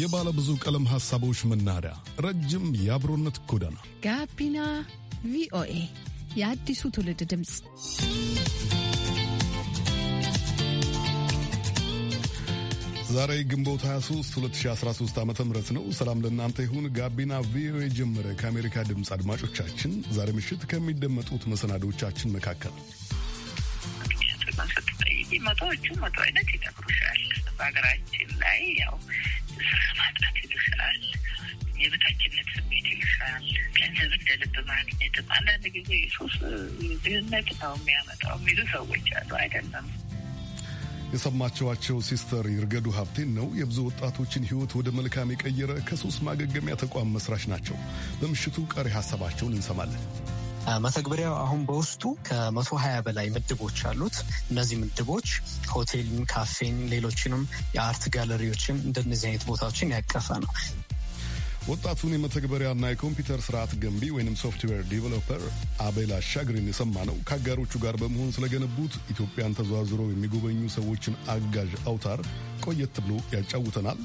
የባለ ብዙ ቀለም ሐሳቦች መናኸሪያ፣ ረጅም የአብሮነት ጎዳና ጋቢና ቪኦኤ የአዲሱ ትውልድ ድምፅ። ዛሬ ግንቦት 23 2013 ዓ ም ነው። ሰላም ለእናንተ ይሁን። ጋቢና ቪኦኤ ጀመረ። ከአሜሪካ ድምፅ አድማጮቻችን ዛሬ ምሽት ከሚደመጡት መሰናዶቻችን መካከል እንግዲህ መቶዎቹ መቶ አይነት ይነግሩሻል። በሀገራችን ላይ ያው ስራ ማጣት ይልሻል፣ የበታችነት ስሜት ይልሻል፣ ገንዘብ እንደ ልብ ማግኘትም አንዳንድ ጊዜ ሱስ ድህነት ነው የሚያመጣው የሚሉ ሰዎች አሉ። አይደለም። የሰማችኋቸው ሲስተር ይርገዱ ሀብቴን ነው። የብዙ ወጣቶችን ሕይወት ወደ መልካም የቀየረ ከሶስት ማገገሚያ ተቋም መስራች ናቸው። በምሽቱ ቀሪ ሀሳባቸውን እንሰማለን። መተግበሪያው አሁን በውስጡ ከመቶ ሀያ በላይ ምድቦች አሉት። እነዚህ ምድቦች ሆቴልን፣ ካፌን፣ ሌሎችንም የአርት ጋለሪዎችን እንደነዚህ አይነት ቦታዎችን ያቀፈ ነው። ወጣቱን የመተግበሪያና የኮምፒውተር ስርዓት ገንቢ ወይም ሶፍትዌር ዲቨሎፐር አቤል አሻግሪን የሰማ ነው ከአጋሮቹ ጋር በመሆን ስለገነቡት ኢትዮጵያን ተዘዋዝረው የሚጎበኙ ሰዎችን አጋዥ አውታር ቆየት ብሎ ያጫውተናል።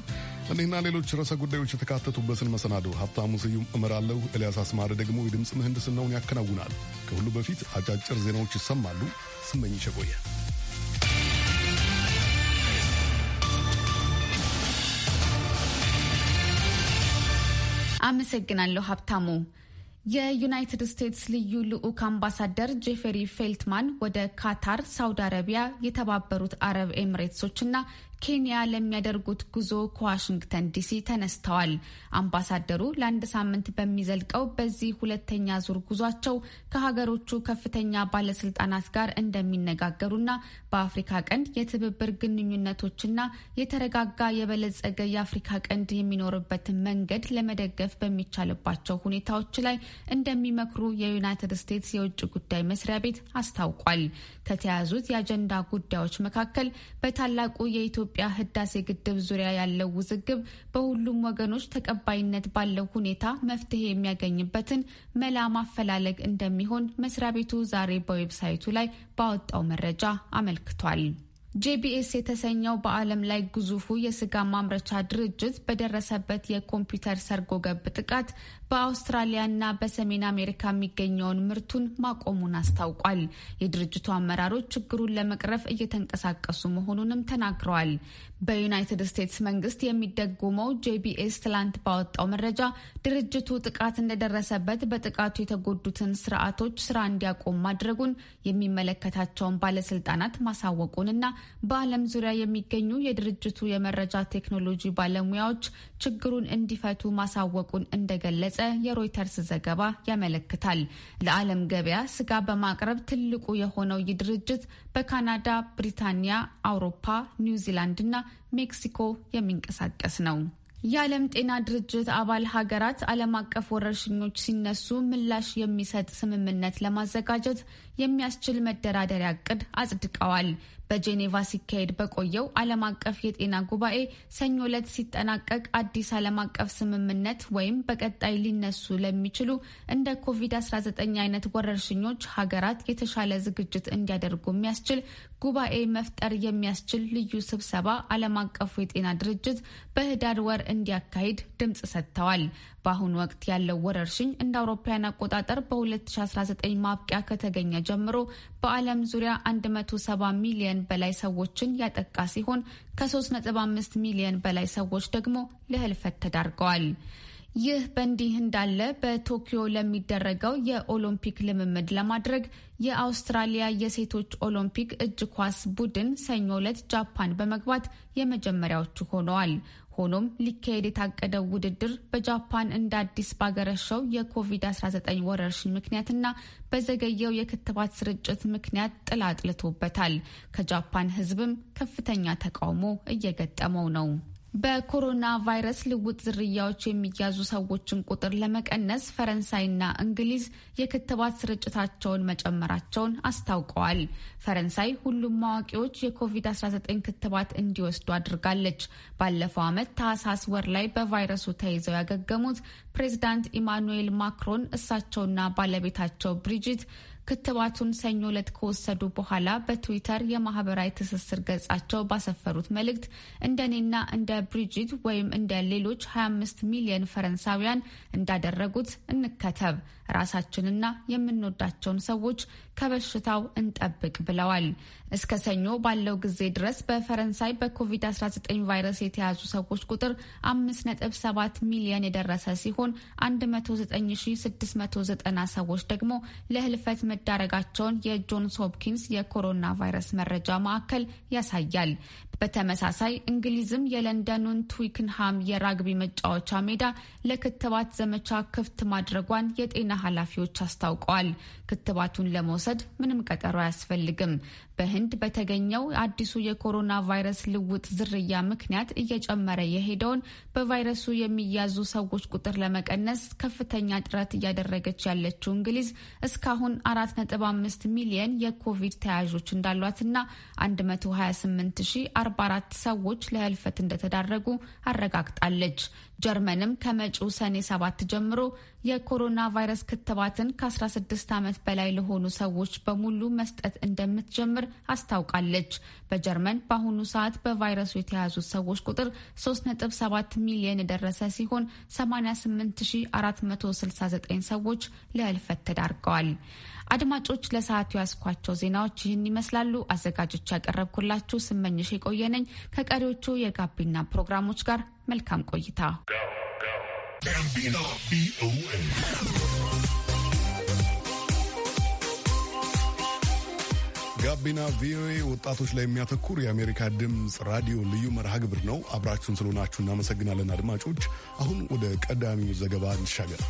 እኒህና ሌሎች ርዕሰ ጉዳዮች የተካተቱበትን መሰናዶ ሀብታሙ ስዩም እመራለሁ። ኤልያስ አስማሪ ደግሞ የድምፅ ምህንድስናውን ያከናውናል። ከሁሉ በፊት አጫጭር ዜናዎች ይሰማሉ። ስመኝ ሸቆየ አመሰግናለሁ ሀብታሙ። የዩናይትድ ስቴትስ ልዩ ልዑክ አምባሳደር ጄፌሪ ፌልትማን ወደ ካታር፣ ሳውዲ አረቢያ፣ የተባበሩት አረብ ኤምሬትሶችና ኬንያ ለሚያደርጉት ጉዞ ከዋሽንግተን ዲሲ ተነስተዋል። አምባሳደሩ ለአንድ ሳምንት በሚዘልቀው በዚህ ሁለተኛ ዙር ጉዟቸው ከሀገሮቹ ከፍተኛ ባለስልጣናት ጋር እንደሚነጋገሩና በአፍሪካ ቀንድ የትብብር ግንኙነቶችና የተረጋጋ የበለጸገ የአፍሪካ ቀንድ የሚኖርበትን መንገድ ለመደገፍ በሚቻልባቸው ሁኔታዎች ላይ እንደሚመክሩ የዩናይትድ ስቴትስ የውጭ ጉዳይ መስሪያ ቤት አስታውቋል። ከተያዙት የአጀንዳ ጉዳዮች መካከል በታላቁ የኢትዮ የኢትዮጵያ ህዳሴ ግድብ ዙሪያ ያለው ውዝግብ በሁሉም ወገኖች ተቀባይነት ባለው ሁኔታ መፍትሄ የሚያገኝበትን መላ ማፈላለግ እንደሚሆን መስሪያ ቤቱ ዛሬ በዌብሳይቱ ላይ ባወጣው መረጃ አመልክቷል። ጄቢኤስ የተሰኘው በዓለም ላይ ግዙፉ የስጋ ማምረቻ ድርጅት በደረሰበት የኮምፒውተር ሰርጎ ገብ ጥቃት በአውስትራሊያና በሰሜን አሜሪካ የሚገኘውን ምርቱን ማቆሙን አስታውቋል። የድርጅቱ አመራሮች ችግሩን ለመቅረፍ እየተንቀሳቀሱ መሆኑንም ተናግረዋል። በዩናይትድ ስቴትስ መንግስት የሚደጎመው ጄቢኤስ ትላንት ባወጣው መረጃ ድርጅቱ ጥቃት እንደደረሰበት በጥቃቱ የተጎዱትን ስርዓቶች ስራ እንዲያቆም ማድረጉን የሚመለከታቸውን ባለስልጣናት ማሳወቁንና በዓለም ዙሪያ የሚገኙ የድርጅቱ የመረጃ ቴክኖሎጂ ባለሙያዎች ችግሩን እንዲፈቱ ማሳወቁን እንደገለጸ የሮይተርስ ዘገባ ያመለክታል። ለዓለም ገበያ ስጋ በማቅረብ ትልቁ የሆነው ይህ ድርጅት በካናዳ፣ ብሪታንያ፣ አውሮፓ፣ ኒውዚላንድ እና ሜክሲኮ የሚንቀሳቀስ ነው። የዓለም ጤና ድርጅት አባል ሀገራት ዓለም አቀፍ ወረርሽኞች ሲነሱ ምላሽ የሚሰጥ ስምምነት ለማዘጋጀት የሚያስችል መደራደሪያ እቅድ አጽድቀዋል። በጄኔቫ ሲካሄድ በቆየው ዓለም አቀፍ የጤና ጉባኤ ሰኞ ዕለት ሲጠናቀቅ አዲስ ዓለም አቀፍ ስምምነት ወይም በቀጣይ ሊነሱ ለሚችሉ እንደ ኮቪድ-19 አይነት ወረርሽኞች ሀገራት የተሻለ ዝግጅት እንዲያደርጉ የሚያስችል ጉባኤ መፍጠር የሚያስችል ልዩ ስብሰባ ዓለም አቀፉ የጤና ድርጅት በህዳር ወር እንዲያካሂድ ድምፅ ሰጥተዋል። በአሁኑ ወቅት ያለው ወረርሽኝ እንደ አውሮፓውያን አቆጣጠር በ2019 ማብቂያ ከተገኘ ጀምሮ በዓለም ዙሪያ 170 ሚሊየን በላይ ሰዎችን ያጠቃ ሲሆን ከ3.5 ሚሊየን በላይ ሰዎች ደግሞ ለህልፈት ተዳርገዋል። ይህ በእንዲህ እንዳለ በቶኪዮ ለሚደረገው የኦሎምፒክ ልምምድ ለማድረግ የአውስትራሊያ የሴቶች ኦሎምፒክ እጅ ኳስ ቡድን ሰኞ ዕለት ጃፓን በመግባት የመጀመሪያዎቹ ሆነዋል። ሆኖም ሊካሄድ የታቀደው ውድድር በጃፓን እንደ አዲስ ባገረሸው የኮቪድ-19 ወረርሽኝ ምክንያትና በዘገየው የክትባት ስርጭት ምክንያት ጥላ ጥልቶበታል። ከጃፓን ሕዝብም ከፍተኛ ተቃውሞ እየገጠመው ነው። በኮሮና ቫይረስ ልውጥ ዝርያዎች የሚያዙ ሰዎችን ቁጥር ለመቀነስ ፈረንሳይና እንግሊዝ የክትባት ስርጭታቸውን መጨመራቸውን አስታውቀዋል። ፈረንሳይ ሁሉም አዋቂዎች የኮቪድ-19 ክትባት እንዲወስዱ አድርጋለች። ባለፈው ዓመት ታህሳስ ወር ላይ በቫይረሱ ተይዘው ያገገሙት ፕሬዚዳንት ኢማኑኤል ማክሮን እሳቸውና ባለቤታቸው ብሪጅት ክትባቱን ሰኞ ዕለት ከወሰዱ በኋላ በትዊተር የማህበራዊ ትስስር ገጻቸው ባሰፈሩት መልእክት እንደኔና እንደ ብሪጅት ወይም እንደ ሌሎች 25 ሚሊየን ፈረንሳውያን እንዳደረጉት እንከተብ ራሳችንና የምንወዳቸውን ሰዎች ከበሽታው እንጠብቅ ብለዋል። እስከ ሰኞ ባለው ጊዜ ድረስ በፈረንሳይ በኮቪድ-19 ቫይረስ የተያዙ ሰዎች ቁጥር 5.7 ሚሊዮን የደረሰ ሲሆን 109690 ሰዎች ደግሞ ለህልፈት መዳረጋቸውን የጆንስ ሆፕኪንስ የኮሮና ቫይረስ መረጃ ማዕከል ያሳያል። በተመሳሳይ እንግሊዝም የለንደኑን ትዊክንሃም የራግቢ መጫወቻ ሜዳ ለክትባት ዘመቻ ክፍት ማድረጓን የጤና ኃላፊዎች አስታውቀዋል። ክትባቱን ለመውሰድ ምንም ቀጠሮ አያስፈልግም። በህንድ በተገኘው አዲሱ የኮሮና ቫይረስ ልውጥ ዝርያ ምክንያት እየጨመረ የሄደውን በቫይረሱ የሚያዙ ሰዎች ቁጥር ለመቀነስ ከፍተኛ ጥረት እያደረገች ያለችው እንግሊዝ እስካሁን 4.5 ሚሊየን የኮቪድ ተያዦች እንዳሏትና 128044 ሰዎች ለህልፈት እንደተዳረጉ አረጋግጣለች። ጀርመንም ከመጪው ሰኔ ሰባት ጀምሮ የኮሮና ቫይረስ ክትባትን ከ16 ዓመት በላይ ለሆኑ ሰዎች በሙሉ መስጠት እንደምትጀምር አስታውቃለች። በጀርመን በአሁኑ ሰዓት በቫይረሱ የተያዙ ሰዎች ቁጥር 3.7 ሚሊየን የደረሰ ሲሆን 88469 ሰዎች ለህልፈት ተዳርገዋል። አድማጮች ለሰዓቱ ያስኳቸው ዜናዎች ይህን ይመስላሉ። አዘጋጆች ያቀረብኩላችሁ ስመኝሽ የቆየነኝ ከቀሪዎቹ የጋቢና ፕሮግራሞች ጋር መልካም ቆይታ። ጋቢና ቪኦኤ ወጣቶች ላይ የሚያተኩር የአሜሪካ ድምፅ ራዲዮ ልዩ መርሃ ግብር ነው። አብራችሁን ስለሆናችሁ እናመሰግናለን አድማጮች። አሁን ወደ ቀዳሚው ዘገባ እንሻገር።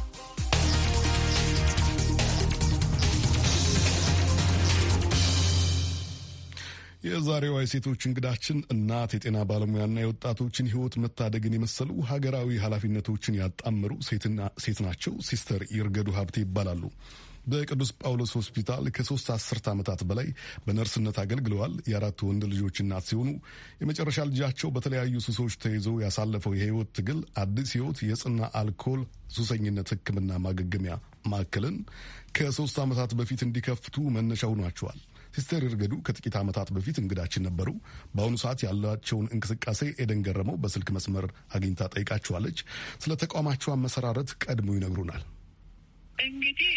የዛሬዋ የሴቶች እንግዳችን እናት፣ የጤና ባለሙያና የወጣቶችን ሕይወት መታደግን የመሰሉ ሀገራዊ ኃላፊነቶችን ያጣመሩ ሴት ናቸው። ሲስተር ይርገዱ ሀብቴ ይባላሉ። በቅዱስ ጳውሎስ ሆስፒታል ከሶስት አስርት ዓመታት በላይ በነርስነት አገልግለዋል። የአራት ወንድ ልጆች እናት ሲሆኑ የመጨረሻ ልጃቸው በተለያዩ ሱሶች ተይዞ ያሳለፈው የህይወት ትግል አዲስ ህይወት የጽና አልኮል ሱሰኝነት ህክምና ማገገሚያ ማዕከልን ከሶስት ዓመታት በፊት እንዲከፍቱ መነሻ ሆኗቸዋል። ሲስተር እርገዱ ከጥቂት ዓመታት በፊት እንግዳችን ነበሩ። በአሁኑ ሰዓት ያላቸውን እንቅስቃሴ ኤደን ገረመው በስልክ መስመር አግኝታ ጠይቃቸዋለች። ስለ ተቋማቸው አመሰራረት ቀድሞ ይነግሩናል። እንግዲህ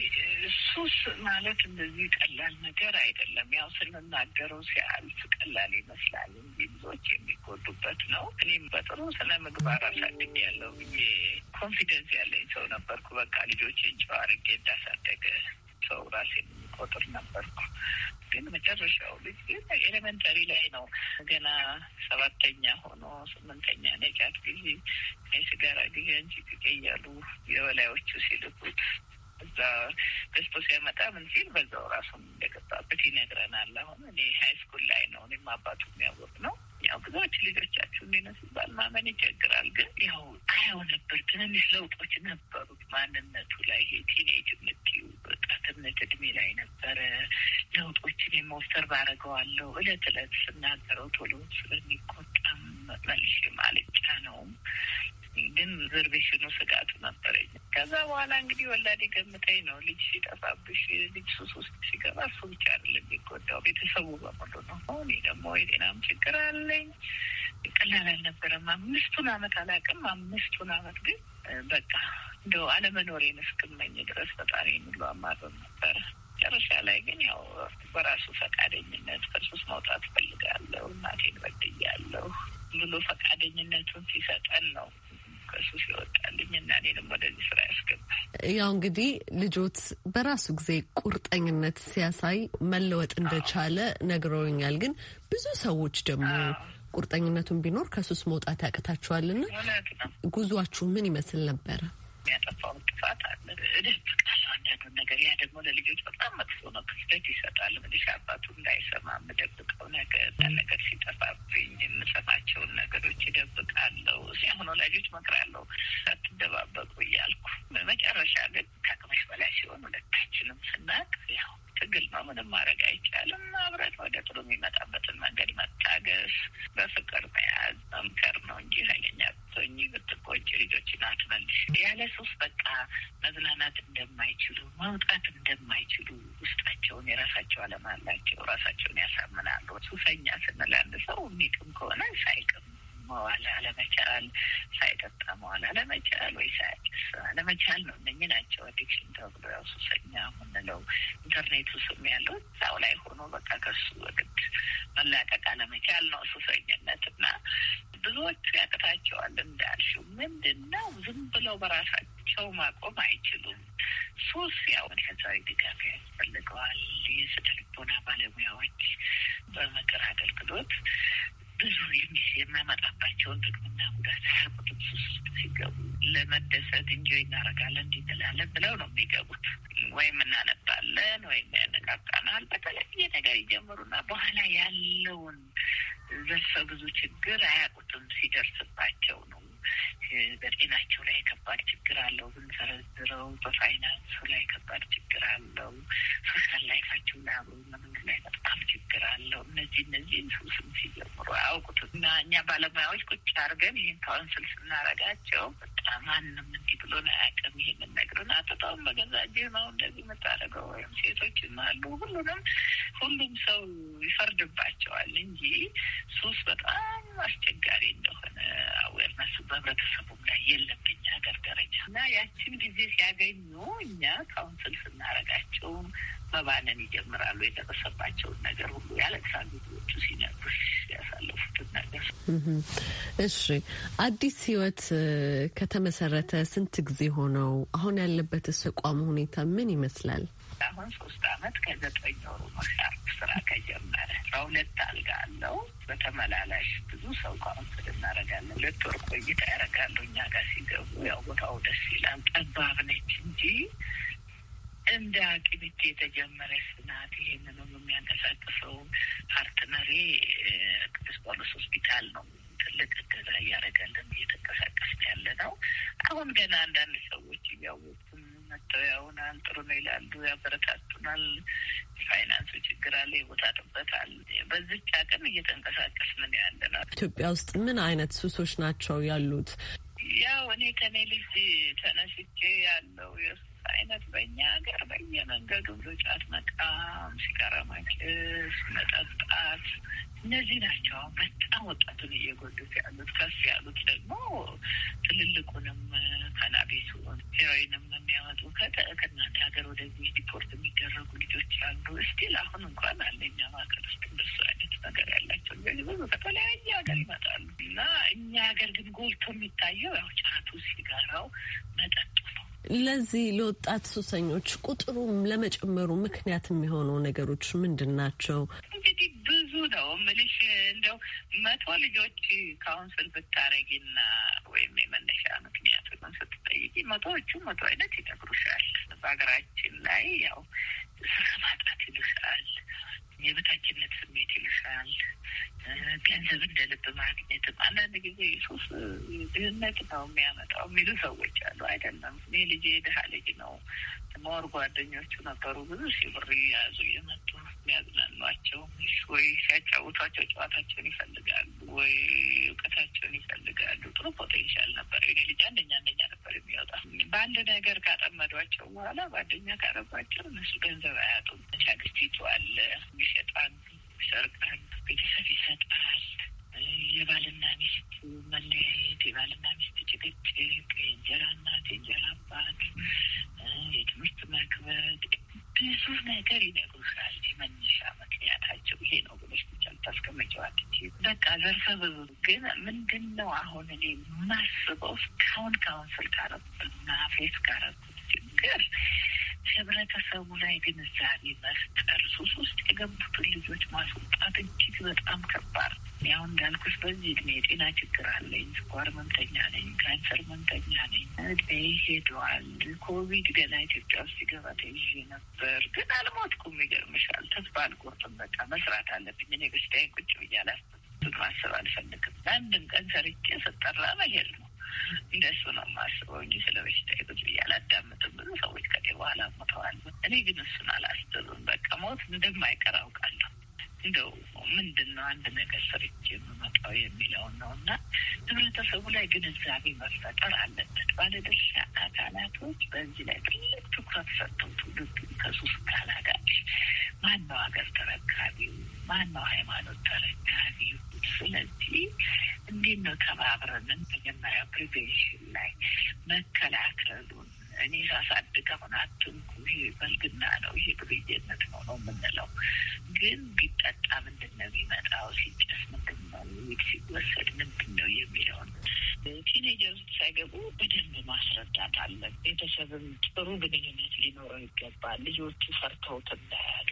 ሱስ ማለት እንደዚህ ቀላል ነገር አይደለም። ያው ስንናገረው ሲያልፍ ቀላል ይመስላል እንጂ ብዙዎች የሚጎዱበት ነው። እኔም በጥሩ ስነ ምግባር አሳድግ ያለው ብዬ ኮንፊደንስ ያለኝ ሰው ነበርኩ። በቃ ልጆቼን ጨዋ አድርጌ እንዳሳደገ ሰው ራሴን ቆጥር ነበርኩ። ግን መጨረሻው ልጅ ግን ኤሌመንተሪ ላይ ነው ገና ሰባተኛ ሆኖ ስምንተኛ ነጫት ጊዜ የሲጋራ ጊዜ እንጂ እያሉ የበላዮቹ ሲልኩት እዛ ገዝቶ ሲያመጣ ምን ሲል በዛው ራሱን እንደገባበት ይነግረናል። አሁን እኔ ሀይ ስኩል ላይ ነው እኔም አባቱ የሚያወቅ ነው። ያው ብዙዎች ልጆቻችሁ እንዲነስባል ማመን ይቸግራል። ግን ያው አያው ነበር። ትንንሽ ለውጦች ነበሩት ማንነቱ ላይ ይሄ ቲኔጅ የምትይው ወጣትነት እድሜ ላይ ነበረ። ለውጦችን የመውሰር ባረገዋለሁ እለት እለት ስናገረው ቶሎ ስለሚቆጣም መልሼ ማልጫ ነውም ግን ሪዘርቬሽኑ ስጋቱ ነበረኝ ከዛ በኋላ እንግዲህ ወላዴ ገምተኝ ነው ልጅ ሲጠፋብሽ ልጅ ሱስ ውስጥ ሲገባ እሱ ብቻ አይደለም የሚጎዳው ቤተሰቡ በሙሉ ነው። እኔ ደግሞ የጤናም ችግር አለኝ። ቀላል አልነበረም። አምስቱን አመት አላውቅም። አምስቱን አመት ግን በቃ እንደው አለመኖሬን እስክመኝ ድረስ ፈጣሪ የሚሉ አማረም ነበረ። መጨረሻ ላይ ግን ያው በራሱ ፈቃደኝነት ከሱስ መውጣት ፈልጋለሁ እናቴን በድያለሁ ብሎ ፈቃደኝነቱን ሲሰጠን ነው ከሱስ የወጣ አለኝና እኔንም ወደዚህ ስራ ያስገባል። ያው እንግዲህ ልጆት በራሱ ጊዜ ቁርጠኝነት ሲያሳይ መለወጥ እንደቻለ ነግረውኛል። ግን ብዙ ሰዎች ደግሞ ቁርጠኝነቱን ቢኖር ከሱስ መውጣት ያቅታችኋልና ጉዟችሁ ምን ይመስል ነበረ? የሚያጠፋውን ጥፋት አለ እድፍ ቃል አንዳንዱ ነገር ያ ደግሞ ለልጆች በጣም መጥፎ ነው። ክፍተት ይሰጣል። ምልሽ አባቱ እንዳይሰማ የምደብቀው ነገር ነገር ሲጠፋብኝ የምሰማቸውን ነገሮች ይደብቃለሁ። ሲያሁን ወላጆች እመክራለሁ አትደባበቁ እያልኩ መጨረሻ ግን ከአቅመሽ በላይ ሲሆን ሁለታችንም ስናቅ ያው ትግል ነው። ምንም ማድረግ አይቻልም። አብረን ወደ ጥሩ የሚመጣበትን መንገድ መታገስ፣ በፍቅር መያዝ፣ መምከር ነው እንጂ ኃይለኛ ብትሆኚ ብትቆጪ ልጆችን አትመልሽ። ያለ ሱስ በቃ መዝናናት እንደማይችሉ መውጣት እንደማይችሉ ውስጣቸውን የራሳቸው ዓለም አላቸው። ራሳቸውን ያሳምናሉ። ሱሰኛ ስንል አንድ ሰው የሚቅም ከሆነ ሳይቅም መዋል አለመቻል፣ ሳይጠጣ መዋል አለመቻል ወይ ሳያጭስ አለመቻል ነው። እነኝ ናቸው አዲክሽን ተብሎ ያው ሱሰኛ የምንለው ኢንተርኔቱ ስም ያለው እዛው ላይ ሆኖ በቃ ከሱ ወግድ መላቀቅ አለመቻል ነው ሱሰኝነት እና ብዙዎቹ ያቅታቸዋል እንዳልሽው ምንድን ነው ዝም ብለው በራሳቸው ማቆም አይችሉም። ሱስ ያው መንፈሳዊ ድጋፍ ያስፈልገዋል። የስነ ልቦና ባለሙያዎች በምክር አገልግሎት ብዙ የማያመጣባቸውን ጥቅምና ጉዳት አያውቁትም። ሱስ ሲገቡ ለመደሰት እንጆ እናደርጋለን እንዲትላለን ብለው ነው የሚገቡት። ወይም እናነባለን ወይም ያነቃቃናል በተለያየ ነገር ይጀምሩና በኋላ ያለውን ዘርፈ ብዙ ችግር አያውቁትም ሲደርስባቸው ነው በጤናቸው ላይ ከባድ ችግር አለው ብንሰረዝረው፣ በፋይናንሱ ላይ ከባድ ችግር አለው፣ ሶሻል ላይፋቸው ላይ አብሮ ለመንግስት ላይ በጣም ችግር አለው። እነዚህ እነዚህን ስብስብ ሲጀምሩ አያውቁትም እና እኛ ባለሙያዎች ቁጭ አድርገን ይህን ካውንስል ስናረጋቸው በጣም ማንም እንዲህ ብሎን አያውቅም። ይህንን ነግረን አጥጣውን በገዛ እጅህ ነው እንደዚህ የምታደርገው ወይም ሴቶችም አሉ ሁሉንም ሁሉም ሰው ይፈርድባቸዋል እንጂ ሱስ በጣም አስቸጋሪ እንደሆነ አዌርነሱ በህብረተሰቡም ላይ የለብኝ ሀገር ደረጃ እና ያችን ጊዜ ሲያገኙ እኛ ካውንስል ስናረጋቸውም መባነን ይጀምራሉ። የደረሰባቸውን ነገር ሁሉ ያለቅሳሉ። ልጆቹ ሲነግሩሽ ያሳለፉትን ነገር። እሺ፣ አዲስ ህይወት ከተመሰረተ ስንት ጊዜ ሆነው? አሁን ያለበት ተቋም ሁኔታ ምን ይመስላል? አሁን ሶስት አመት ከዘጠኝ ወሩ ነው ሻርፕ ስራ ከጀመረ በሁለት አልጋ አለው። በተመላላሽ ብዙ ሰው ካውንስል እናደርጋለን። ሁለት ወር ቆይታ ያደርጋሉ እኛ ጋር ሲገቡ። ያው ቦታው ደስ ይላል። ጠባብ ነች እንጂ እንደ አቅምቼ የተጀመረች ናት። ይህንንም የሚያንቀሳቅሰውን ፓርትነሬ ቅዱስ ጳውሎስ ሆስፒታል ነው ትልቅ እገዛ እያደረገልን እየተንቀሳቀስን ያለ ነው። አሁን ገና አንዳንድ ሰዎች እያወቁ አሁን ጥሩ ነው ይላሉ፣ ያበረታቱናል። ፋይናንሱ ችግር አለ፣ የቦታ ጥበት አለ። በዚች አቅም እየተንቀሳቀስ ምን ያለ ነው። ኢትዮጵያ ውስጥ ምን አይነት ሱሶች ናቸው ያሉት? ያው እኔ ከኔ ልጅ ተነስቼ ያለው የሱ አይነት በእኛ ሀገር በየመንገዱ ጫት መቃም፣ ሲጋራ ማጨስ፣ መጠጣት እነዚህ ናቸው በጣም ወጣቱን እየጎዱት ያሉት። ከፍ ያሉት ደግሞ ትልልቁንም ካናቢሱን ሄሮይንም የሚያወጡ ከእናንተ ሀገር ወደዚህ ዲፖርት የሚደረጉ ልጆች አሉ። እስቲል አሁን እንኳን አለኛ ማዕከል ውስጥ እንደሱ አይነት ነገር ያላቸው እንደዚህ ብዙ ከተለያየ ሀገር ይመጣሉ እና እኛ ሀገር ግን ጎልቶ የሚታየው ያው ጫቱ፣ ሲጋራው፣ መጠጡ ለዚህ ለወጣት ሱሰኞች ቁጥሩ ለመጨመሩ ምክንያት የሚሆኑ ነገሮች ምንድን ናቸው? እንግዲህ ብዙ ነው ምልሽ እንደው መቶ ልጆች ካውንስል ብታረጊና ወይም የመነሻ ምክንያቱን ስትጠይቂ መቶዎቹ መቶ አይነት ይነግሩሻል። በሀገራችን ላይ ያው ስራ ማጣት ይሉሻል፣ የበታችነት ስሜት ይሉሻል፣ ገንዘብ እንደ ልብ ማግኘትም አንዳንድ ጊዜ ሱስ ድህነት ነው የሚያመጣው የሚሉ ሰዎች አሉ። አይደለም። እኔ ልጅ ድሀ ልጅ ነው መወር ጓደኞቹ ነበሩ ብዙ ሲብር እየያዙ የመጡ የሚያዝናኗቸው ወይ ሲያጫውቷቸው ጨዋታቸውን ይፈልጋሉ፣ ወይ እውቀታቸውን ይፈልጋሉ። ጥሩ ፖቴንሻል ነበር። የኔ ልጅ አንደኛ አንደኛ ነበር የሚወጣ። በአንድ ነገር ካጠመዷቸው በኋላ ጓደኛ ካረባቸው እነሱ ገንዘብ አያጡም። ቻግስቲቱ አለ የሚሸጣን ይጠርቃል፣ ቤተሰብ ይሰጣል። የባልና ሚስት መለያየት፣ የባልና ሚስት ጭቅጭቅ፣ የእንጀራ እናት፣ የእንጀራ አባት፣ የትምህርት መክበድ፣ ብዙ ነገር ይነግሩሻል። መነሻ ምክንያታቸው ይሄ ነው ብለሽ ብቻ ልታስቀመጫዋል በቃ ዘርፈ ብዙ። ግን ምንድን ነው አሁን እኔ የማስበው እስካሁን ካውንስል ካረኩትና ፌስ ካረኩት ችግር ህብረተሰቡ ላይ ግንዛቤ መፍጠር፣ ሱስ ውስጥ የገቡትን ልጆች ማስወጣት እጅግ በጣም ከባድ ነው። ያው እንዳልኩሽ በዚህ እድሜ የጤና ችግር አለኝ፣ ስኳር ህመምተኛ ነኝ፣ ካንሰር ህመምተኛ ነኝ። እድሜ ሄደዋል። ኮቪድ ገና ኢትዮጵያ ውስጥ ሲገባ ተይዤ ነበር፣ ግን አልሞትኩም። ይገርምሻል። ተስፋ አልቆርጥም። በቃ መስራት አለብኝ። እኔ በሽታዬን ቁጭ ብዬ አላስብም፣ ማሰብ አልፈልግም። ለአንድም ቀን ሰርቼ ስጠራ መሄድ ነው እንደሱ ነው የማስበው እንጂ ስለ በሽታ ብዙ አላዳምጥም። ብዙ ሰዎች ከኔ በኋላ ሞተዋል። እኔ ግን እሱን አላስብም። በቃ ሞት እንደማይቀር አውቃለሁ። እንደው ምንድን ነው አንድ ነገር ስርች የምመጣው የሚለውን ነው እና ህብረተሰቡ ላይ ግንዛቤ መፈጠር አለበት። ባለድርሻ አካላቶች በዚህ ላይ ትልቅ ትኩረት ሰጥተው ትውልዱን ከሱስ ካላጋጭ ማን ሀገር ተረካቢው? ማነው ሃይማኖት ተረካቢው? ስለዚህ እንዴት ነው ተባብረንን መጀመሪያ ፕሪቬንሽን ላይ መከላከሉን እኔ ሳሳድግ አሁን አትንኩ፣ ይሄ በልግና ነው፣ ይሄ ግብይነት ነው ነው የምንለው። ግን ቢጠጣ ምንድን ነው የሚመጣው? ሲጨስ ምንድን ነው? ሲወሰድ ምንድን ነው የሚለውን ቲኔጀር ሳይገቡ በደንብ ማስረዳት አለን። ቤተሰብም ጥሩ ግንኙነት ሊኖረው ይገባል። ልጆቹ ፈርተውት እንዳያሉ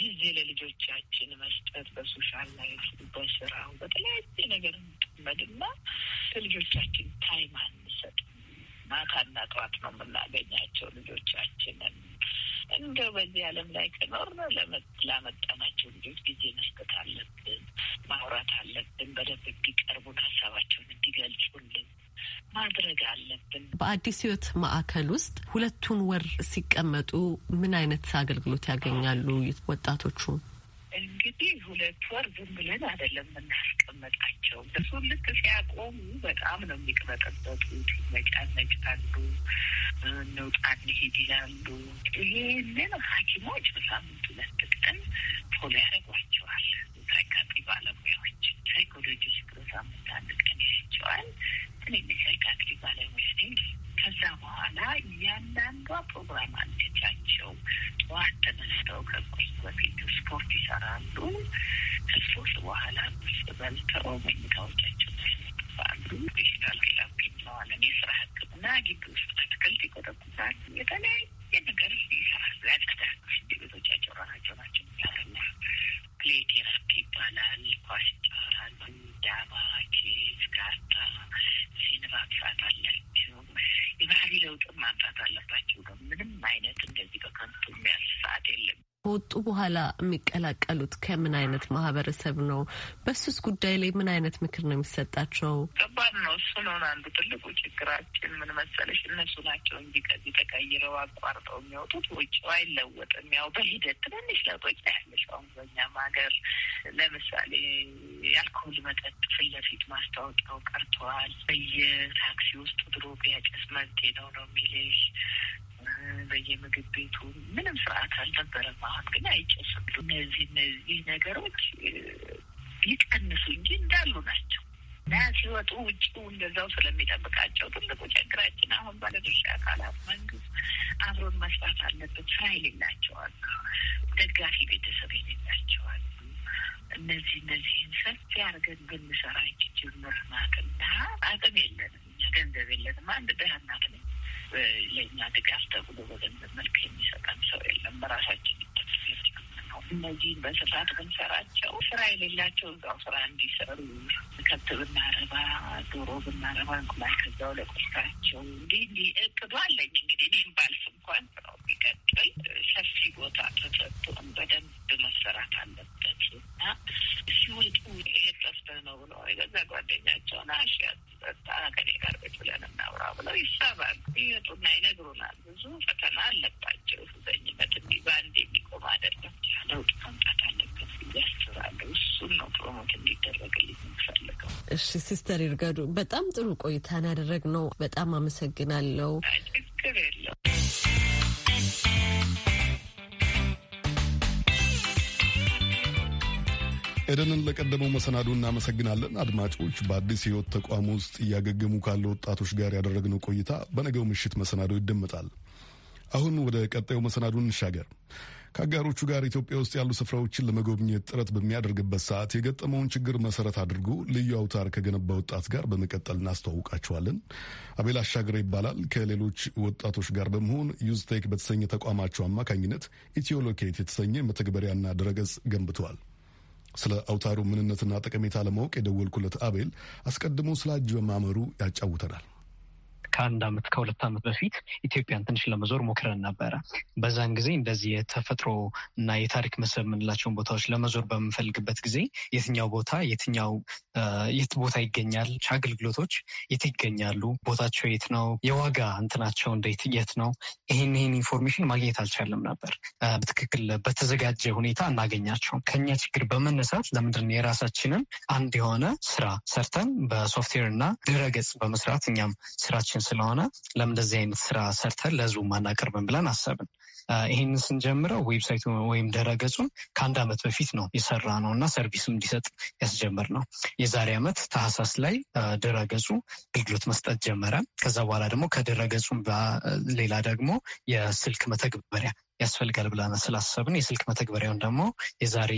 ጊዜ ለልጆቻችን መስጠት በሶሻል ላይፍ፣ በስራው፣ በተለያየ ነገር እንጠመድና ለልጆቻችን ታይም አንሰጥ ማታና ጠዋት ነው የምናገኛቸው ልጆቻችንን። እንደው በዚህ ዓለም ላይ ከኖር ላመጣናቸው ልጆች ጊዜ መስጠት አለብን፣ ማውራት አለብን። በደንብ እንዲቀርቡን ሀሳባቸውን እንዲገልጹልን ማድረግ አለብን። በአዲስ ህይወት ማዕከል ውስጥ ሁለቱን ወር ሲቀመጡ ምን አይነት አገልግሎት ያገኛሉ ወጣቶቹ? እንግዲህ ሁለት ወር ዝም ብለን አይደለም የምናስቀመጣቸው። እሱን ልክ ሲያቆሙ በጣም ነው የሚቅበጠበጡት፣ ይነጫነጫሉ፣ እንውጣ እንሂድ ይላሉ። ይህንን ሐኪሞች በሳምንት ሁለት ቀን ፎሎ ያደርጓቸዋል ሳይካትሪ ባለሙያዎች ሳይኮሎጂ ፕሮግራም በሳምንት አንድ ቀን ይሰጫዋል። እኔም የሳይካትሪ ባለሙያ ነኝ። ከዛ በኋላ እያንዳንዷ ፕሮግራም አለቻቸው። ጠዋት ተነስተው ከቁርስ በፊት ስፖርት ይሰራሉ። ከስፖርት በኋላ ቁርስ በልተው መኝታዎቻቸው ባሉ ዲጂታል ክላብ እንለዋለን። የስራ ሕክምና ግቢ ውስጥ አትክልት ይቆጠቁታል። የተለያየ ነገር ይሰራሉ። ያጸዳሉ። ቤቶቻቸው ራሳቸው ናቸው ፕሌት ቴራፒ ይባላል። ኳስ ይጫወታሉ። ዳባ፣ ኬዝ፣ ካርታ፣ ሲኒማ ብዛት አላቸው። የባህሪ ለውጥ ማምጣት አለባቸው። ምንም አይነት እንደዚህ በከንቱ የሚያልፍ ከወጡ በኋላ የሚቀላቀሉት ከምን አይነት ማህበረሰብ ነው? በሱስ ጉዳይ ላይ ምን አይነት ምክር ነው የሚሰጣቸው? ከባድ ነው። እሱ ነው አንዱ ትልቁ ችግራችን። ምን መሰለሽ፣ እነሱ ናቸው እንጂ ከዚህ ተቀይረው አቋርጠው የሚወጡት ውጭው አይለወጥም። ያው በሂደት ትንንሽ ለውጦች ያለሽ አሁን በእኛም ሀገር ለምሳሌ የአልኮል መጠጥ ፊት ለፊት ማስታወቂያው ቀርተዋል። በየታክሲ ውስጥ ድሮ ቢያጨስ መብቴ ነው ነው የሚልሽ በየምግብ ቤቱ ምንም ስርዓት አልነበረም። አሁን ግን አይጨስም። እነዚህ እነዚህ ነገሮች ይቀንሱ እንጂ እንዳሉ ናቸው እና ሲወጡ ውጭው እንደዛው ስለሚጠብቃቸው ትልቁ ችግራችን አሁን ባለድርሻ አካላት፣ መንግስት አብሮን መስራት አለበት። ስራ የሌላቸዋል፣ ደጋፊ ቤተሰብ የሌላቸዋል። እነዚህ እነዚህን ሰፊ አድርገን ብንሰራ ጅምር ምርናትና አቅም የለንም፣ ገንዘብ የለንም። አንድ ደህና ለእኛ ድጋፍ ተብሎ በገንዘብ መልክ የሚሰጠን ሰው የለም። በራሳችን ነው። እነዚህን በስፋት ብንሰራቸው ስራ የሌላቸው እዛው ስራ እንዲሰሩ ከብት ብናረባ፣ ዶሮ ብናረባ፣ እንቁላል ከዛው ለቁርሳቸው እንዲህ እንዲህ እቅዱ አለኝ እንግዲህ እኔም ባልፍም እንኳን ስራው ቢቀጥል ሰፊ ቦታ ተሰጥቶን በደንብ መሰራት አለበት እና ሲወጡ የጠፍተ ነው ብለው የገዛ ጓደኛቸውን አሽያት ጠጣ ከኔ ጋር ቤት ብለን እናውራ ብለው ይሳባሉ። ይወጡና ይነግሩናል። ብዙ ፈተና አለባቸው። ፍዘኝነት እንዲህ በአንድ የሚቆም አይደለም። ለውጥ መምጣት አለበት ያስባለሁ። እሱን ነው ፕሮሞት እንዲደረግልኝ ፈልገው። እሺ ሲስተር ይርገዱ፣ በጣም ጥሩ ቆይታን ያደረግ ነው። በጣም አመሰግናለሁ። ችግር የለም። ኤደንን ለቀደመው መሰናዶ እናመሰግናለን። አድማጮች፣ በአዲስ ሕይወት ተቋም ውስጥ እያገገሙ ካለ ወጣቶች ጋር ያደረግነው ቆይታ በነገው ምሽት መሰናዶ ይደመጣል። አሁን ወደ ቀጣዩ መሰናዶ እንሻገር። ከአጋሮቹ ጋር ኢትዮጵያ ውስጥ ያሉ ስፍራዎችን ለመጎብኘት ጥረት በሚያደርግበት ሰዓት የገጠመውን ችግር መሰረት አድርጎ ልዩ አውታር ከገነባ ወጣት ጋር በመቀጠል እናስተዋውቃቸዋለን። አቤል አሻገር ይባላል። ከሌሎች ወጣቶች ጋር በመሆን ዩዝቴክ በተሰኘ ተቋማቸው አማካኝነት ኢትዮሎኬት የተሰኘ መተግበሪያና ድረገጽ ገንብተዋል። ስለ አውታሩ ምንነትና ጠቀሜታ ለማወቅ የደወልኩለት አቤል አስቀድሞ ስለ አጀማመሩ ያጫውተናል። ከአንድ ዓመት ከሁለት ዓመት በፊት ኢትዮጵያን ትንሽ ለመዞር ሞክረን ነበረ። በዛን ጊዜ እንደዚህ የተፈጥሮ እና የታሪክ መስህብ የምንላቸውን ቦታዎች ለመዞር በምንፈልግበት ጊዜ የትኛው ቦታ የትኛው የት ቦታ ይገኛል፣ አገልግሎቶች የት ይገኛሉ፣ ቦታቸው የት ነው፣ የዋጋ እንትናቸው እንዴት የት ነው፣ ይህን ይህን ኢንፎርሜሽን ማግኘት አልቻለም ነበር። በትክክል በተዘጋጀ ሁኔታ እናገኛቸው ከኛ ችግር በመነሳት ለምንድን የራሳችንን አንድ የሆነ ስራ ሰርተን በሶፍትዌር እና ድረገጽ በመስራት እኛም ስራችን ስለሆነ ለምን እንደዚህ አይነት ስራ ሰርተን ለህዝቡ አናቀርብም ብለን አሰብን። ይህንን ስንጀምረው ዌብሳይቱ ወይም ደረገጹን ከአንድ አመት በፊት ነው የሰራ ነው እና ሰርቪስም እንዲሰጥ ያስጀምር ነው። የዛሬ አመት ታህሳስ ላይ ድረገጹ አገልግሎት መስጠት ጀመረ። ከዛ በኋላ ደግሞ ከድረገጹም ሌላ ደግሞ የስልክ መተግበሪያ ያስፈልጋል ብለን ስላሰብን የስልክ መተግበሪያውን ደግሞ የዛሬ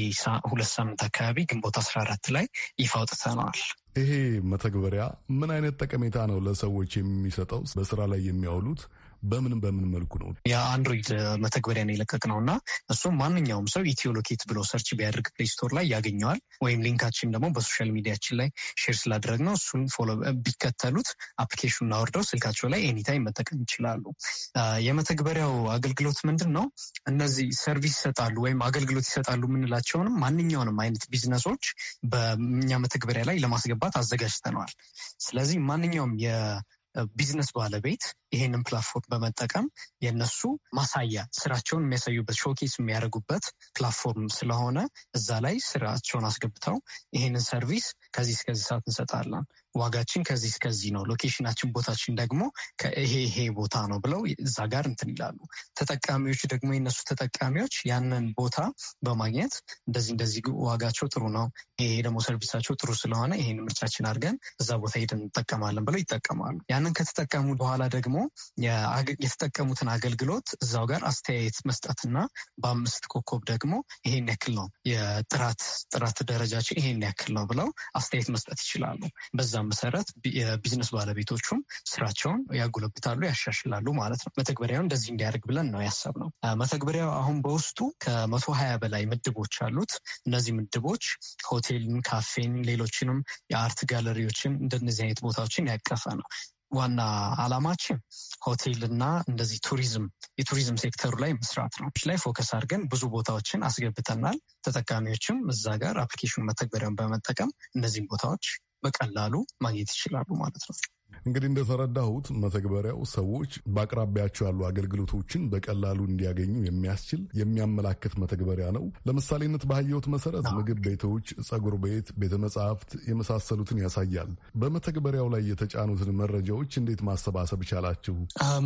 ሁለት ሳምንት አካባቢ ግንቦት አስራ አራት ላይ ይፋ አውጥተነዋል። ይሄ መተግበሪያ ምን አይነት ጠቀሜታ ነው ለሰዎች የሚሰጠው? በስራ ላይ የሚያውሉት በምን በምን መልኩ ነው? የአንድሮይድ መተግበሪያ ነው የለቀቅ ነው እና እሱም ማንኛውም ሰው ኢትዮሎኬት ብሎ ሰርች ቢያደርግ ፕሌይስቶር ላይ ያገኘዋል። ወይም ሊንካችን ደግሞ በሶሻል ሚዲያችን ላይ ሼር ስላደረግ ነው እሱን ፎሎ ቢከተሉት አፕሊኬሽኑን አውርደው ስልካቸው ላይ ኤኒታይም መጠቀም ይችላሉ። የመተግበሪያው አገልግሎት ምንድን ነው? እነዚህ ሰርቪስ ይሰጣሉ ወይም አገልግሎት ይሰጣሉ የምንላቸውንም ማንኛውንም አይነት ቢዝነሶች በእኛ መተግበሪያ ላይ ለማስገባት አዘጋጅተነዋል። ስለዚህ ማንኛውም ቢዝነስ ባለቤት ይሄንን ፕላትፎርም በመጠቀም የነሱ ማሳያ ስራቸውን የሚያሳዩበት ሾኬስ የሚያደርጉበት ፕላትፎርም ስለሆነ እዛ ላይ ስራቸውን አስገብተው ይሄንን ሰርቪስ ከዚህ እስከዚህ ሰዓት እንሰጣለን ዋጋችን ከዚህ እስከዚህ ነው፣ ሎኬሽናችን ቦታችን ደግሞ ከይሄ ይሄ ቦታ ነው ብለው እዛ ጋር እንትን ይላሉ። ተጠቃሚዎች ደግሞ የነሱ ተጠቃሚዎች ያንን ቦታ በማግኘት እንደዚህ እንደዚህ ዋጋቸው ጥሩ ነው፣ ይሄ ደግሞ ሰርቪሳቸው ጥሩ ስለሆነ ይሄን ምርጫችን አድርገን እዛ ቦታ ሄደን እንጠቀማለን ብለው ይጠቀማሉ። ያንን ከተጠቀሙ በኋላ ደግሞ የተጠቀሙትን አገልግሎት እዛው ጋር አስተያየት መስጠትና በአምስት ኮከብ ደግሞ ይሄን ያክል ነው የጥራት ጥራት ደረጃቸው ይሄን ያክል ነው ብለው አስተያየት መስጠት ይችላሉ በዛ መሰረት የቢዝነስ ባለቤቶቹም ስራቸውን ያጎለብታሉ፣ ያሻሽላሉ ማለት ነው። መተግበሪያውን እንደዚህ እንዲያደርግ ብለን ነው ያሰብነው። መተግበሪያው አሁን በውስጡ ከመቶ ሀያ በላይ ምድቦች አሉት። እነዚህ ምድቦች ሆቴልን፣ ካፌን፣ ሌሎችንም የአርት ጋለሪዎችን እንደነዚህ አይነት ቦታዎችን ያቀፈ ነው። ዋና አላማችን ሆቴልና እንደዚህ ቱሪዝም የቱሪዝም ሴክተሩ ላይ መስራት ነው። ላይ ፎከስ አድርገን ብዙ ቦታዎችን አስገብተናል። ተጠቃሚዎችም እዛ ጋር አፕሊኬሽን መተግበሪያውን በመጠቀም እነዚህም ቦታዎች በቀላሉ ማግኘት ይችላሉ ማለት ነው። እንግዲህ እንደተረዳሁት መተግበሪያው ሰዎች በአቅራቢያቸው ያሉ አገልግሎቶችን በቀላሉ እንዲያገኙ የሚያስችል የሚያመላክት መተግበሪያ ነው። ለምሳሌነት ባየሁት መሰረት ምግብ ቤቶች፣ ጸጉር ቤት፣ ቤተ መጻሕፍት የመሳሰሉትን ያሳያል። በመተግበሪያው ላይ የተጫኑትን መረጃዎች እንዴት ማሰባሰብ ቻላችሁ?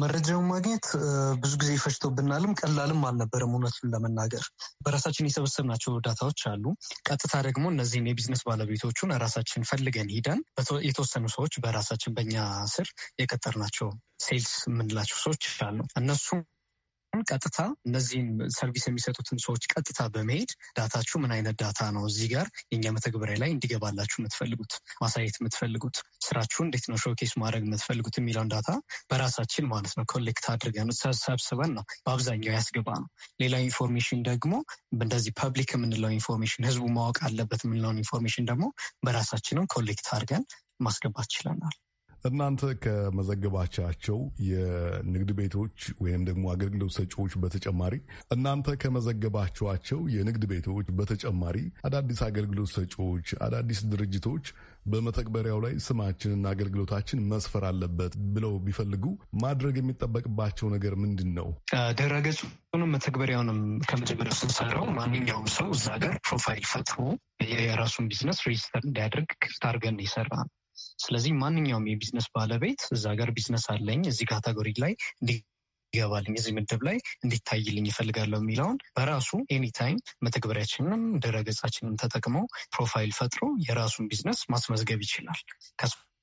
መረጃውን ማግኘት ብዙ ጊዜ ፈጅቶብናልም ቀላልም አልነበረም። እውነቱን ለመናገር በራሳችን የሰበሰብናቸው ዳታዎች አሉ። ቀጥታ ደግሞ እነዚህም የቢዝነስ ባለቤቶቹን ራሳችን ፈልገን ሂደን የተወሰኑ ሰዎች በራሳችን በእኛ በእኛ ስር የቀጠርናቸው ሴልስ የምንላቸው ሰዎች አሉ። እነሱ ቀጥታ እነዚህም ሰርቪስ የሚሰጡትን ሰዎች ቀጥታ በመሄድ ዳታችሁ ምን አይነት ዳታ ነው እዚህ ጋር የኛ መተግበሪያ ላይ እንዲገባላችሁ የምትፈልጉት ማሳየት የምትፈልጉት ስራችሁ እንዴት ነው ሾኬስ ማድረግ የምትፈልጉት የሚለውን ዳታ በራሳችን ማለት ነው ኮሌክት አድርገን ሰብስበን ነው በአብዛኛው ያስገባ ነው። ሌላ ኢንፎርሜሽን ደግሞ እንደዚህ ፐብሊክ የምንለው ኢንፎርሜሽን ህዝቡ ማወቅ አለበት የምንለውን ኢንፎርሜሽን ደግሞ በራሳችንም ኮሌክት አድርገን ማስገባት ችለናል። እናንተ ከመዘገባቻቸው የንግድ ቤቶች ወይም ደግሞ አገልግሎት ሰጪዎች በተጨማሪ እናንተ ከመዘገባቸዋቸው የንግድ ቤቶች በተጨማሪ አዳዲስ አገልግሎት ሰጪዎች፣ አዳዲስ ድርጅቶች በመተግበሪያው ላይ ስማችንና አገልግሎታችን መስፈር አለበት ብለው ቢፈልጉ ማድረግ የሚጠበቅባቸው ነገር ምንድን ነው? ድረገጹንም መተግበሪያውንም ከመጀመሪያው ስንሰራው ማንኛውም ሰው እዛ ጋር ፕሮፋይል ፈጥሮ የራሱን ቢዝነስ ሬጅስተር እንዲያደርግ ክፍት አድርገን ይሰራ ስለዚህ ማንኛውም የቢዝነስ ባለቤት እዛ ሀገር ቢዝነስ አለኝ እዚህ ካተጎሪ ላይ ይገባልኝ እዚህ ምድብ ላይ እንዲታይልኝ ይፈልጋለሁ የሚለውን በራሱ ኤኒታይም መተግበሪያችንንም ድረገጻችንም ተጠቅመው ፕሮፋይል ፈጥሮ የራሱን ቢዝነስ ማስመዝገብ ይችላል።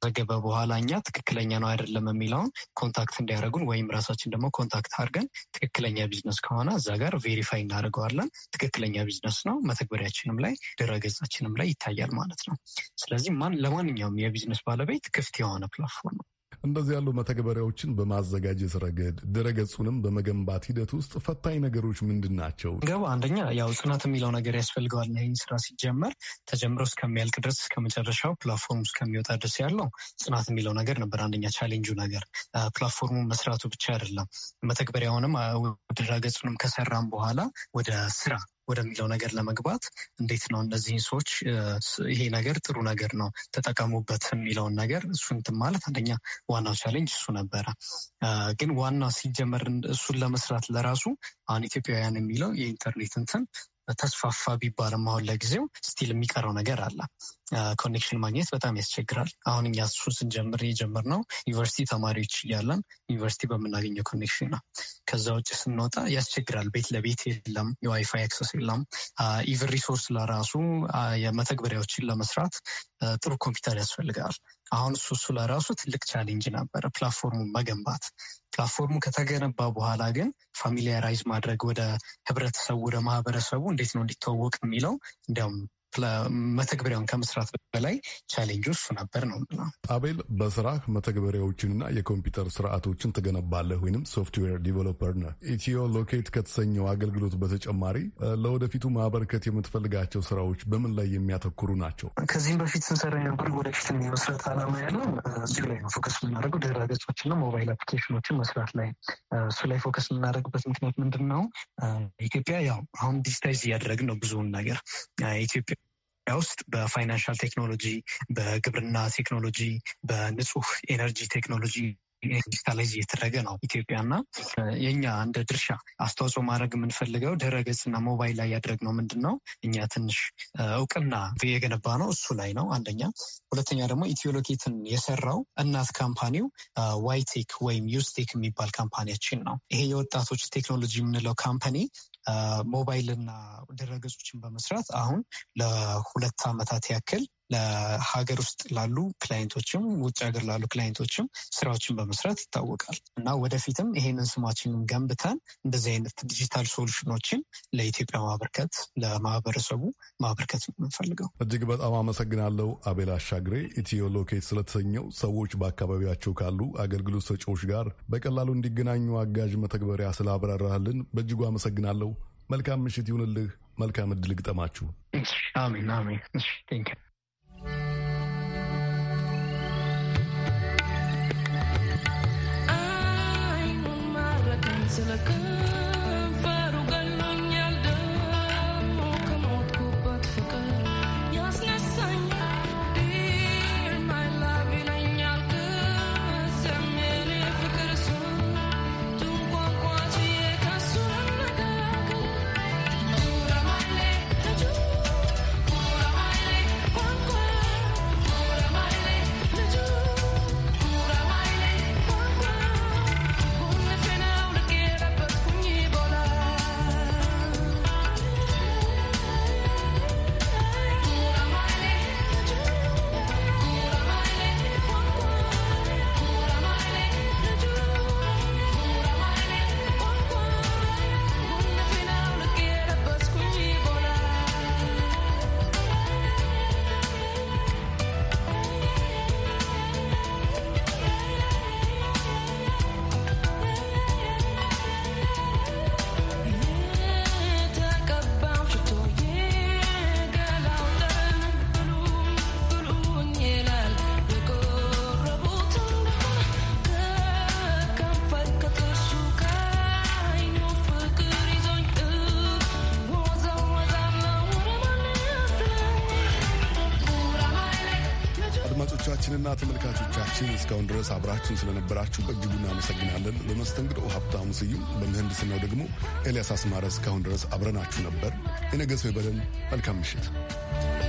ዘገበ በኋላ እኛ ትክክለኛ ነው አይደለም የሚለውን ኮንታክት እንዲያደርጉን ወይም ራሳችን ደግሞ ኮንታክት አድርገን ትክክለኛ ቢዝነስ ከሆነ እዛ ጋር ቬሪፋይ እናደርገዋለን። ትክክለኛ ቢዝነስ ነው፣ መተግበሪያችንም ላይ ድረገጻችንም ላይ ይታያል ማለት ነው። ስለዚህ ለማንኛውም የቢዝነስ ባለቤት ክፍት የሆነ ፕላትፎርም ነው። እንደዚህ ያሉ መተግበሪያዎችን በማዘጋጀት ረገድ ድረገጹንም በመገንባት ሂደት ውስጥ ፈታኝ ነገሮች ምንድን ናቸው? ገቡ አንደኛ ያው ጽናት የሚለው ነገር ያስፈልገዋል። ይህን ስራ ሲጀመር ተጀምሮ እስከሚያልቅ ድረስ እስከመጨረሻው ፕላትፎርሙ እስከሚወጣ ድረስ ያለው ጽናት የሚለው ነገር ነበር። አንደኛ ቻሌንጁ ነገር ፕላትፎርሙ መስራቱ ብቻ አይደለም፣ መተግበሪያውንም ድረገጹንም ከሰራም በኋላ ወደ ስራ ወደሚለው ነገር ለመግባት እንዴት ነው እነዚህን ሰዎች ይሄ ነገር ጥሩ ነገር ነው ተጠቀሙበት የሚለውን ነገር እሱን እንትን ማለት አንደኛ ዋናው ቻሌንጅ እሱ ነበረ። ግን ዋና ሲጀመር እሱን ለመስራት ለራሱ አሁን ኢትዮጵያውያን የሚለው የኢንተርኔት እንትን ተስፋፋ ቢባልም አሁን ለጊዜው ስቲል የሚቀረው ነገር አለ። ኮኔክሽን ማግኘት በጣም ያስቸግራል። አሁን እኛ እሱ ስንጀምር የጀመርነው ዩኒቨርሲቲ ተማሪዎች እያለን ዩኒቨርሲቲ በምናገኘው ኮኔክሽን ነው። ከዛ ውጭ ስንወጣ ያስቸግራል። ቤት ለቤት የለም፣ የዋይፋይ አክሰስ የለም። ኢቨን ሪሶርስ ለራሱ የመተግበሪያዎችን ለመስራት ጥሩ ኮምፒውተር ያስፈልጋል። አሁን እሱ እሱ ለራሱ ትልቅ ቻሌንጅ ነበረ ፕላትፎርሙን መገንባት ፕላትፎርሙ ከተገነባ በኋላ ግን ፋሚሊያራይዝ ማድረግ ወደ ህብረተሰቡ ወደ ማህበረሰቡ እንዴት ነው ሊተዋወቅ የሚለው እንዲያውም መተግበሪያውን ከመስራት በላይ ቻሌንጁ እሱ ነበር ነው። አቤል በስራ መተግበሪያዎችንና የኮምፒውተር ስርዓቶችን ትገነባለህ ወይም ሶፍትዌር ዲቨሎፐር ነህ። ኢትዮ ሎኬት ከተሰኘው አገልግሎት በተጨማሪ ለወደፊቱ ማበርከት የምትፈልጋቸው ስራዎች በምን ላይ የሚያተኩሩ ናቸው? ከዚህም በፊት ስንሰራ የነበሩ ወደፊት የመስራት አላማ ያለው እዚሁ ላይ ነው ፎከስ የምናደርገው ድረ ገጾችና ሞባይል አፕሊኬሽኖችን መስራት ላይ እሱ ላይ ፎከስ የምናደርግበት ምክንያት ምንድን ነው? ኢትዮጵያ ያው አሁን ዲጂታይዝ እያደረግን ነው ብዙውን ነገር ኢትዮጵያ ኢትዮጵያ ውስጥ በፋይናንሻል ቴክኖሎጂ፣ በግብርና ቴክኖሎጂ፣ በንጹህ ኤነርጂ ቴክኖሎጂ ዲጂታላይዝ እየተደረገ ነው። ኢትዮጵያና የኛ እንደ ድርሻ አስተዋጽኦ ማድረግ የምንፈልገው ድረገጽና ሞባይል ላይ ነው ምንድን ነው? እኛ ትንሽ እውቅና የገነባ ነው እሱ ላይ ነው አንደኛ። ሁለተኛ ደግሞ ኢትዮሎኬትን የሰራው እናት ካምፓኒው ዋይቴክ ወይም ዩስቴክ የሚባል ካምፓኒያችን ነው። ይሄ የወጣቶች ቴክኖሎጂ የምንለው ካምፓኒ ሞባይልና ድረገጾችን በመስራት አሁን ለሁለት ዓመታት ያክል ለሀገር ውስጥ ላሉ ክላይንቶችም ውጭ ሀገር ላሉ ክላይንቶችም ስራዎችን በመስራት ይታወቃል እና ወደፊትም ይሄንን ስማችንን ገንብተን እንደዚህ አይነት ዲጂታል ሶሉሽኖችን ለኢትዮጵያ ማበርከት ለማህበረሰቡ ማበርከት የምንፈልገው። እጅግ በጣም አመሰግናለሁ። አቤል አሻግሬ ኢትዮ ሎኬት ስለተሰኘው ሰዎች በአካባቢያቸው ካሉ አገልግሎት ሰጪዎች ጋር በቀላሉ እንዲገናኙ አጋዥ መተግበሪያ ስላብራራህልን በእጅጉ አመሰግናለሁ። መልካም ምሽት ይሁንልህ። መልካም እድል ግጠማችሁ። አሜን አሜን። Still a good አድማጮችና ተመልካቾቻችን እስካሁን ድረስ አብራችሁን ስለነበራችሁ በእጅጉ እናመሰግናለን። በመስተንግዶ ሀብታሙ ስዩም፣ በምህንድስናው ደግሞ ኤልያስ አስማረ። እስካሁን ድረስ አብረናችሁ ነበር። የነገ ሰው ይበለን። መልካም ምሽት።